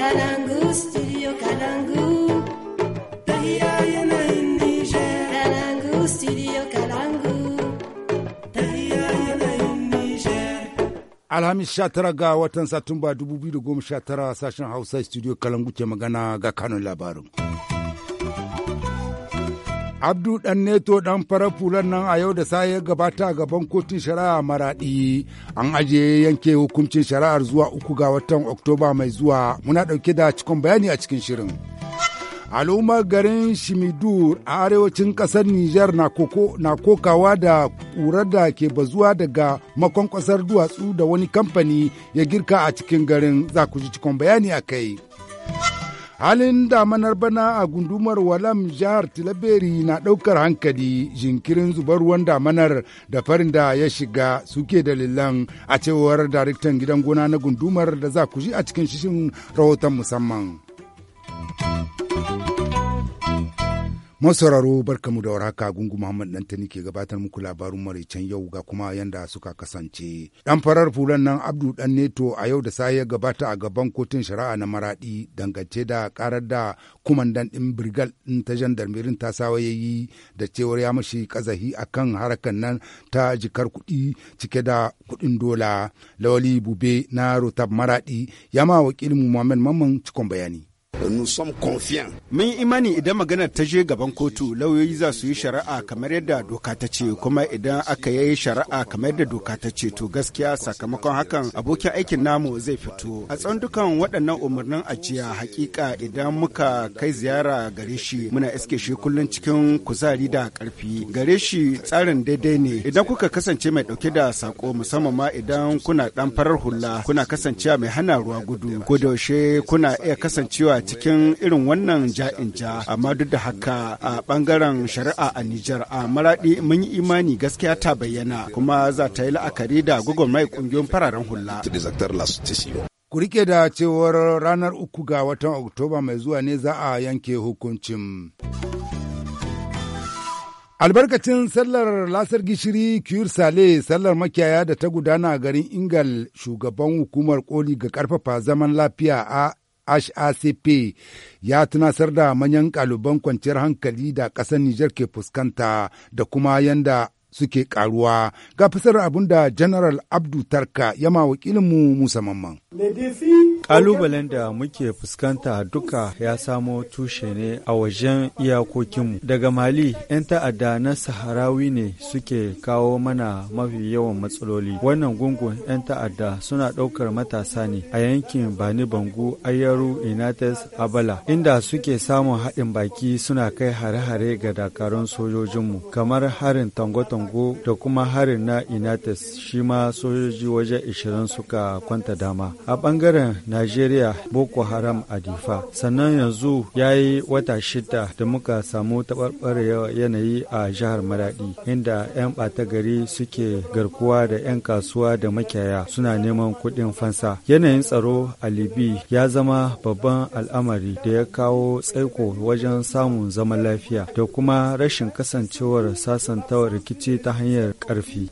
Kalangu, studio Kalangu. Kalangu, studio Kalangu. Alhamis 19 ga watan Satumba 2019 sashen Hausa studio Kalangu ke magana ga kanun labarin. abdu dan neto ɗan farar fulan nan a yau da sa ya gabata gaban kotun shari'a Maraɗi, an ajiye yanke hukuncin shari'ar zuwa uku ga watan oktoba mai zuwa muna ɗauke da cikon bayani a cikin shirin al'ummar garin shimidur a arewacin ƙasar Nijar na kokawa da ƙurar da ke bazuwa daga makon ƙasar duwatsu da wani kamfani ya girka a cikin garin za ku ji cikon bayani a kai Halin damanar bana a gundumar Walam jihar Tilaberi na ɗaukar hankali jinkirin zubar ruwan damanar da farin da ya shiga suke dalilan a cewar daraktan gidan gona na gundumar da za ku ji a cikin shishin rahoton musamman. masauraro barkamu da warhaka gungu muhammad dantani ke gabatar muku labarun maraicen yau ga kuma yanda suka kasance dan farar fulan nan abdu dan neto a yau da sai ya gabata a gaban kotun shari'a na maradi dangance da karar da kumandan din birgal din ta jandarmerin ta sawa yayi da cewar ya mashi kazahi akan harakan nan ta jikar kuɗi cike da kuɗin dola lawali bube na rotab maradi ya ma wakilin muhammad mamman cikon bayani nous sommes confiants. Mun imani idan maganar ta je gaban kotu lauyoyi za su yi shari'a kamar yadda doka ta ce kuma idan aka yi shari'a kamar yadda doka ta ce to gaskiya sakamakon hakan abokin aikin namu zai fito. A tsawon dukan waɗannan umarnin ajiya hakika idan muka kai ziyara gare shi muna iske shi kullum cikin kuzari da ƙarfi. Gare shi tsarin daidai ne idan kuka kasance mai ɗauke da sako musamman ma idan kuna ɗan farar hula kuna kasancewa mai hana ruwa gudu ko da yaushe kuna iya kasancewa cikin cikin irin wannan ja'in ja amma duk da haka a bangaren shari'a a Nijar a maradi mun yi imani gaskiya ta bayyana kuma za ta yi la'akari da mai kungiyoyin fararen hula. Ku rike da cewar ranar uku ga watan Oktoba mai zuwa ne za a yanke hukuncin. Albarkacin sallar lasar gishiri Kiyur Sale sallar makiyaya da ta gudana a garin Ingal shugaban hukumar koli ga karfafa zaman lafiya a HACP ya tunasar da manyan ƙaluban kwanciyar hankali da ƙasar Nijar ke fuskanta da kuma yanda suke karuwa Ga fasar abin da General Abdu Tarka ma wakilinmu Musa Mamman. Kalubalen da muke fuskanta duka ya samo tushe ne a wajen iyakokinmu. Daga Mali, 'yan ta'adda na Saharawi ne suke kawo mana mafi yawan matsaloli. Wannan gungun 'yan ta'adda suna ɗaukar matasa ne a yankin Bani Bangu, Ayaru, Inates, Abala, inda suke samun haɗin baki suna kai hare-hare ga dakarun sojojinmu, kamar harin tango-tango da kuma harin na Inates, shi ma sojoji waje 20 suka kwanta dama. A ɓangaren na Najeriya Boko Haram a Difa. Sannan yanzu ya yi wata shida da muka samu taɓarɓarewa yanayi a jihar Maradi, inda 'yan ɓata gari suke garkuwa da 'yan kasuwa da makiyaya suna neman kuɗin fansa. Yanayin tsaro a Libi ya zama babban al'amari da ya kawo tsaiko wajen samun zaman lafiya da kuma rashin kasancewar sasantawar rikici ta hanyar ƙarfi.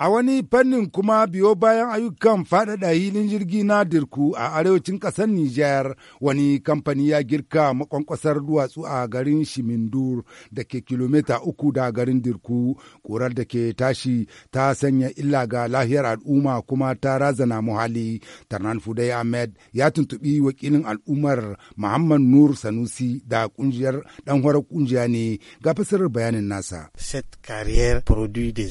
A wani fannin kuma biyo bayan ayyukan faɗaɗa hilin jirgi na Dirku a arewacin ƙasar Nijar, wani kamfani ya girka makwankwasar duwatsu a garin Shimindur da ke kilomita uku da garin Dirku, ƙurar da ke tashi ta sanya illa ga lahiyar al'umma kuma ta razana muhalli. Tarnan Fudai Ahmed ya tuntuɓi wakilin al'ummar Muhammad Nur Sanusi da ƙungiyar ɗan horar kungiya ne ga fasirar bayanin nasa.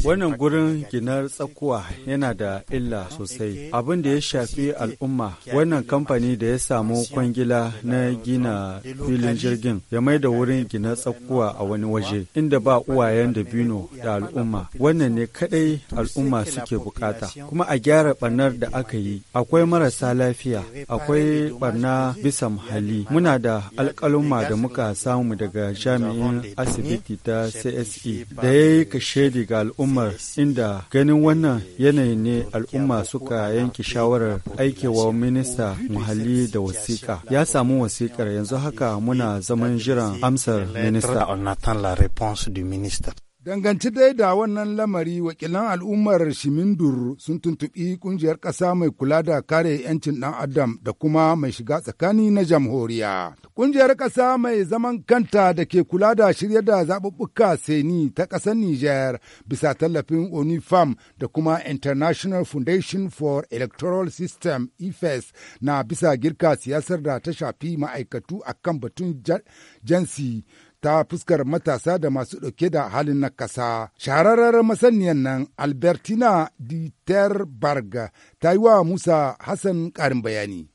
Wannan gurin gina kamar tsakuwa yana da illa sosai abin da ya shafi al'umma wannan kamfani da ya samu kwangila na gina filin jirgin ya mai da wurin gina tsakuwa a wani waje inda ba uwayen da bino da al'umma wannan ne kadai al'umma suke bukata kuma a gyara barnar da aka yi akwai marasa lafiya akwai barna bisa muhalli muna da alkalumma da muka samu daga jami'in asibiti ta cse da ya yi kashe ga al'ummar inda gani ganin wannan yanayin ne al'umma suka yanke shawarar aikewa minista muhalli da wasiƙa. Ya samu wasiƙar yanzu haka muna zaman jiran amsar minista. Danganci dai da wannan lamari wakilan al'ummar Shimindur sun tuntuɓi ƙungiyar ƙasa mai kula da kare 'yancin ɗan Adam da kuma mai shiga tsakani na jamhuriya. Ƙungiyar ƙasa mai zaman kanta da ke kula da shirya da zaɓuɓɓuka seni ta ƙasar Nijar bisa tallafin Onifam da kuma International Foundation for Electoral System (efes) na bisa girka siyasar da ta shafi ma'aikatu akan batun jansi. ta fuskar matasa da masu ɗauke da halin na ƙasa. Shahararren masaniyar nan Albertina Diterberg ta yi wa Musa Hassan ƙarin bayani.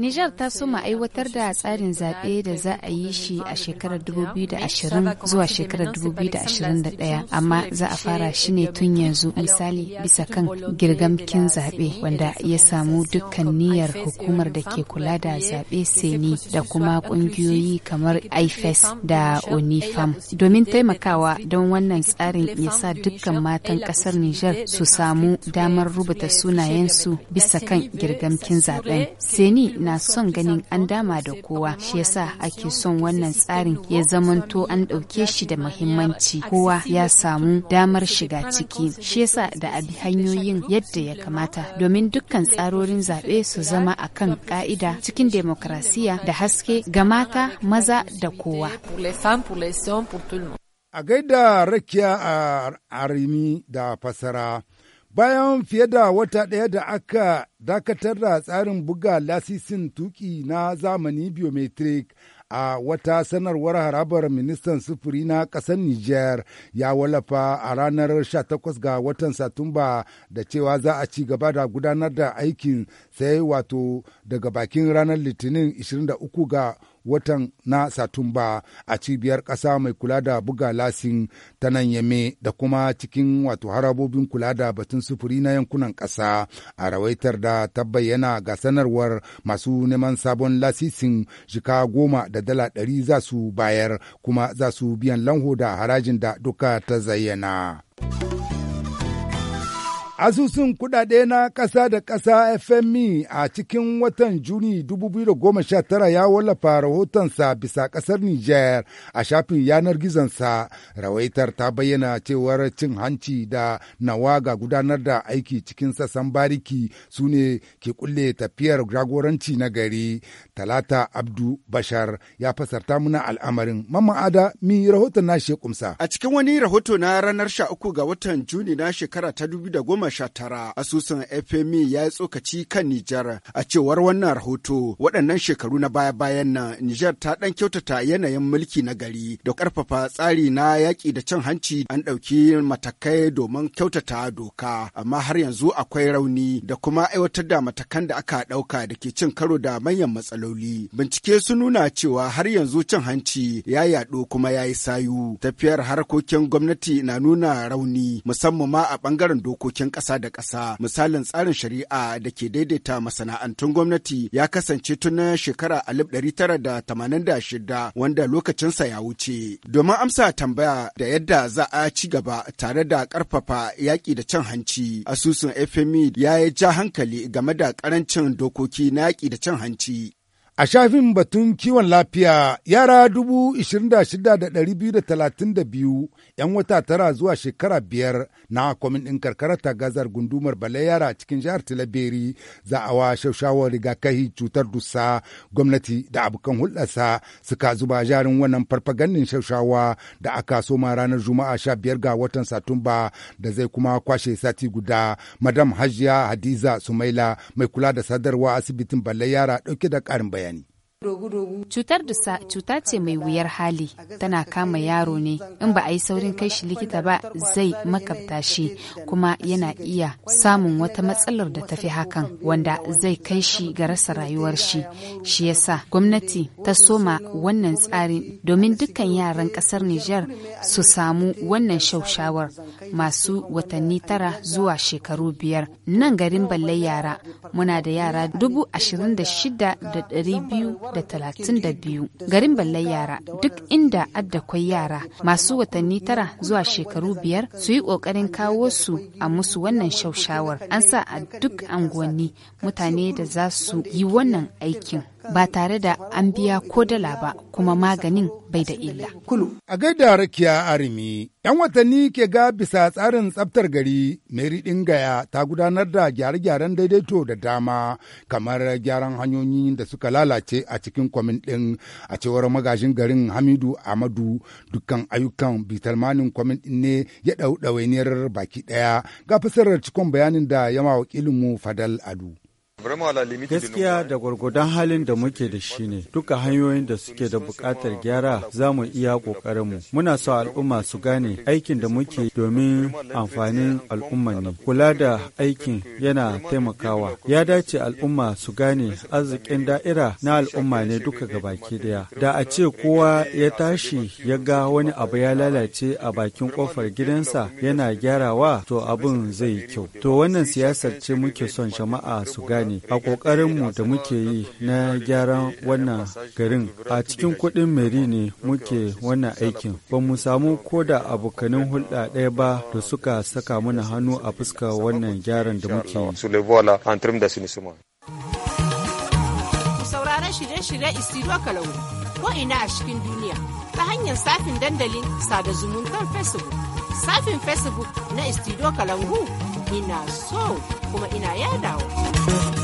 Nijar ta soma aiwatar da tsarin zaɓe da za a yi shi a shekarar 2020 zuwa shekarar 2021 amma za a fara shi ne tun yanzu misali bisa kan girgamkin zaɓe wanda ya samu dukkan niyyar hukumar da ke kula da zaɓe seni da kuma ƙungiyoyi kamar ifes da onifam domin taimakawa don wannan tsarin ya sa dukkan matan ƙasar Nijar su samu damar rubuta sunayensu bisa kan girgamkin haramcin zaben seni na son ganin an dama da kowa shi yasa ake son wannan tsarin ya zamanto an ɗauke shi da muhimmanci kowa ya samu damar shiga ciki shi yasa da abi hanyoyin yadda ya kamata domin dukkan tsarorin zaɓe su zama a kan ƙa'ida cikin demokrasiya da haske ga mata maza da kowa a gaida rakiya a arimi da fasara Bayan fiye da wata ɗaya da aka dakatar da tsarin buga lasisin tuki na zamani biometric a wata sanarwar harabar ministan sufuri na ƙasar Nijar ya wallafa a ranar 18 ga watan Satumba da cewa za a ci gaba da gudanar da aikin sai wato daga bakin ranar Litinin 23 ga watan na Satumba a cibiyar ƙasa mai kula da buga lasin ta nan yame da kuma cikin wato harabobin kula da batun sufuri na yankunan ƙasa a rawaitar da ta bayyana ga sanarwar masu neman sabon lasisin shika goma da dala ɗari za su bayar kuma za su biyan lanho da harajin da duka ta zayyana. Asusun kudade na ƙasa da ƙasa FMI e a cikin watan Juni 2019 ya wallafa rahotonsa bisa ƙasar Nijar a shafin yanar gizonsa. Rawaitar ta bayyana cewar cin hanci da nawa ga gudanar da aiki cikin sassan bariki su ne ke kulle tafiyar jagoranci na gari. Talata Abdu Bashar ya fasarta muna al'amarin. Mamman Ada mi rahoton na shekumsa. A cikin wani rahoto na ranar 13 ga watan Juni na shekara ta asusun FMI e ya yi tsokaci kan Nijar a cewar wannan rahoto waɗannan shekaru na baya-bayan nan Nijar ta ɗan kyautata yanayin mulki na gari da ƙarfafa tsari na yaƙi da cin hanci an ɗauki matakai domin kyautata doka amma har yanzu akwai rauni da kuma aiwatar da matakan da aka ɗauka da ke cin karo da manyan matsaloli. Bincike sun nuna cewa har yanzu cin hanci ya yaɗu kuma ya yi sayu. Tafiyar harkokin gwamnati na nuna rauni musamman ma a ɓangaren dokokin ƙasa da ƙasa misalin tsarin shari'a da ke daidaita masana'antun gwamnati ya kasance tun na shekara 1986 wanda lokacinsa ya wuce. Domin amsa tambaya da yadda za a ci gaba tare da ƙarfafa yaƙi da cin hanci, asusun FMI e ya yi ja hankali game da ƙarancin dokoki na yaƙi da cin hanci. A shafin batun kiwon lafiya, yara dubu ishirin da da da da shida biyu talatin biyu, 'yan wata tara zuwa shekara biyar na kwamin ɗin karkara ta gazar gundumar bale yara cikin jihar Tilaberi za a wa shaushawar rigakahi cutar dusa gwamnati da abokan hulɗarsa suka zuba jarin wannan farfagannin shaushawa da aka soma ranar Juma'a sha biyar ga watan Satumba da zai kuma kwashe sati guda. Madam Hajiya Hadiza Sumaila mai kula da sadarwa asibitin bale yara ɗauke da ƙarin bayani. Cutar dusa cuta ce mai wuyar hali tana kama yaro ne in ba a yi saurin kai shi likita ba zai makabta shi kuma yana iya samun wata matsalar da tafi hakan wanda zai kai shi ga rasa rayuwar shi shi yasa gwamnati ta soma wannan tsari domin dukkan yaran kasar Nijar su samu wannan shaushawar masu watanni tara zuwa shekaru biyar nan garin balle yara muna da yara dubu ashirin da shida da ɗari biyu da talatin da biyu garin ballar yara duk inda addakwai yara masu watanni tara zuwa shekaru biyar su yi kokarin kawo su a musu wannan shaushawar an sa a duk anguwanni mutane da za su yi wannan aikin ba tare da an biya ko dala ba kuma maganin bai da illa. A gaida rakiya arimi, 'yan watanni ke ga bisa tsarin tsaftar gari, mai riɗin gaya ta gudanar da gyare-gyaren daidaito da dama kamar gyaran hanyoyin da suka lalace a cikin kwamin ɗin a cewar magajin garin Hamidu Amadu dukkan ayyukan bitalmanin kwamin ɗin ne ya ɗau ɗawainiyar baki ɗaya ga fasarar cikon bayanin da ya yama wakilinmu Fadal Adu. Gaskiya da gwargwadon halin da muke da shi ne duka hanyoyin da suke da buƙatar gyara za mu iya ƙoƙarinmu. Muna so al'umma su gane aikin da muke domin amfanin al'umma ne. Kula da aikin yana taimakawa. Ya dace al'umma su gane arzikin da'ira na al'umma ne duka gabaki daya. Da a ce kowa ya tashi ya ga wani abu ya lalace a bakin kofar gidansa yana gyarawa to abin zai kyau. To wannan siyasar ce muke son jama'a su gane. ne a ƙoƙarinmu da muke yi na gyaran wannan garin a cikin kuɗin meri ne muke wannan aikin ba mu samu ko da abokanin hulɗa ɗaya ba da suka saka mana hannu a fuska wannan gyaran da muke yi. shirye shiryen ina a cikin duniya ta hanyar safin dandalin sada zumuntar Facebook. Safin Facebook na Isidro Kalangu ina so kuma ina yadawa.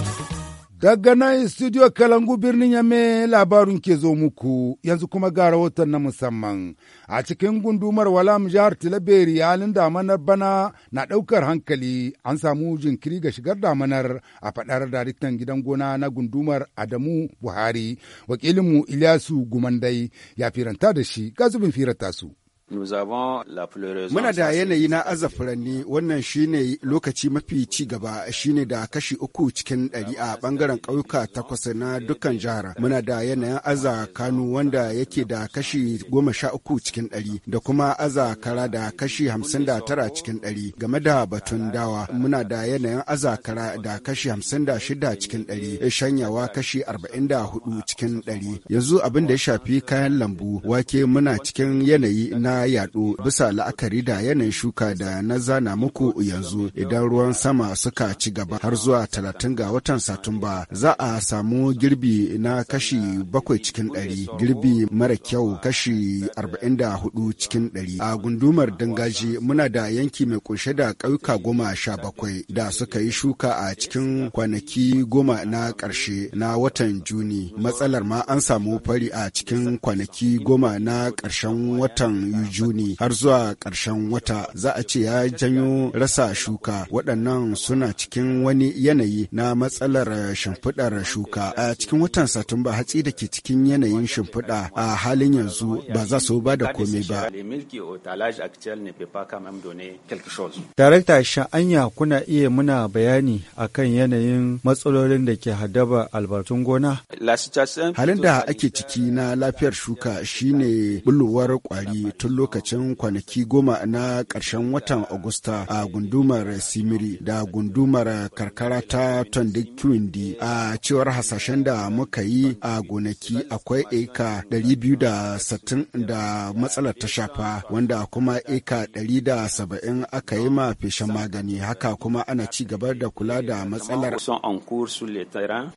Daga nan studio Kalangu birnin yame labarin ke zo muku yanzu kuma ga rahoton na musamman. A cikin gundumar Walam jihar Tilaberi halin damanar bana na ɗaukar hankali an samu jinkiri ga shigar damanar a faɗar daritan gidan gona na gundumar Adamu Buhari. Wakilinmu Ilyasu Gumandai ya firanta da shi ga zubin firanta su. Muna da yanayi na aza furanni wannan ne lokaci mafi ci gaba shine da kashi uku cikin ɗari a ɓangaren ƙauyuka takwas na dukkan jihar. Muna da yanayin aza kanu wanda yake da kashi goma sha uku cikin ɗari da kuma aza kara da kashi hamsin da tara cikin ɗari. Game da batun dawa muna da yanayin aza kara da kashi hamsin da shida cikin ɗari shanyawa kashi arba'in da hudu cikin ɗari. Yanzu abin da ya shafi kayan lambu wake muna cikin yanayi na yadu bisa la'akari da yanayin shuka da na zana muku yanzu idan ruwan sama suka ci gaba har zuwa talatin ga watan satumba za a samu girbi na kashi bakwai cikin ɗari girbi mara kyau kashi arba'in da hudu cikin ɗari a gundumar dangaji muna da yanki mai kunshe da ƙauyuka goma sha bakwai da suka yi shuka a cikin kwanaki goma na ƙarshe na watan juni matsalar ma an samu fari a cikin kwanaki goma na ƙarshen watan Juni har zuwa karshen wata za a ce ya janyo rasa shuka waɗannan suna cikin wani yanayi na matsalar shimfiɗar shuka a cikin watan Satumba hatsi da ke cikin yanayin shimfiɗa a halin yanzu ba za su ba da komai ba. Darakta sha'anya kuna iya muna bayani akan yanayin matsalolin da ke haddaba albarkatun gona? Halin da ake ciki na lafiyar shuka shine bulowar kwari tun lokacin kwanaki goma na ƙarshen watan Agusta a gundumar Simiri da gundumar karkara ta Tondik a cewar hasashen da muka yi a gonaki akwai eka 260 da matsalar ta shafa wanda kuma eka 170 aka yi ma feshen magani haka kuma ana ci gaba da kula da matsalar.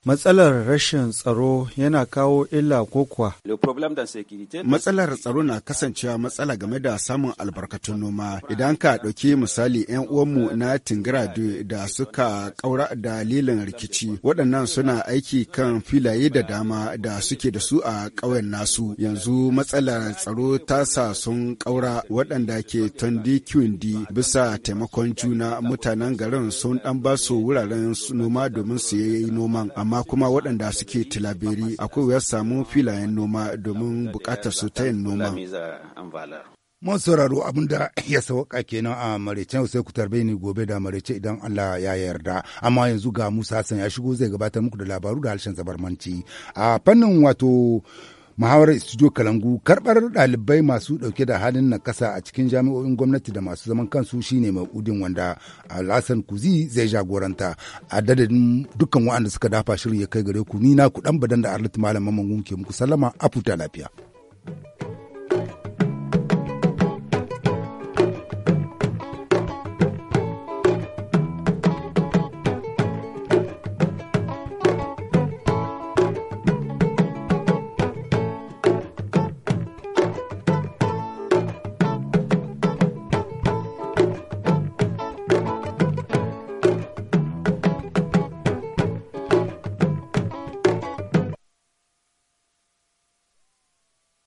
Matsalar rashin tsaro yana kawo illa ko kuwa. Matsalar tsaro na kasancewa matsala Ala game da samun albarkatun noma. Idan ka ɗauki misali 'yan uwanmu na Tingradu da suka ƙaura dalilin rikici, waɗannan suna aiki kan filaye da dama da suke da su a ƙauyen nasu. Yanzu matsalar tsaro ta sa sun ƙaura waɗanda ke tondi kiwindi bisa taimakon juna mutanen garin sun ɗan ba su wuraren noma domin su yi noman, amma kuma waɗanda suke tilaberi akwai wuyar samu filayen noma domin buƙatar su ta yin noma. mun sauraro abin da ya sauka kenan a marece sai ku tarbe ni gobe da marece idan Allah ya yarda amma yanzu ga Musa Hassan ya shigo zai gabatar muku da labaru da harshen zabarmanci a fannin wato muhawarar studio kalangu karbar dalibai masu ɗauke da halin nakasa a cikin jami'o'in gwamnati da masu zaman kansu shine mai udin wanda alhassan kuzi zai jagoranta a dadadin dukkan waɗanda suka dafa shirin ya kai gare ku ni na ku dan badan da arlit malam mamman Gunke muku sallama a futa lafiya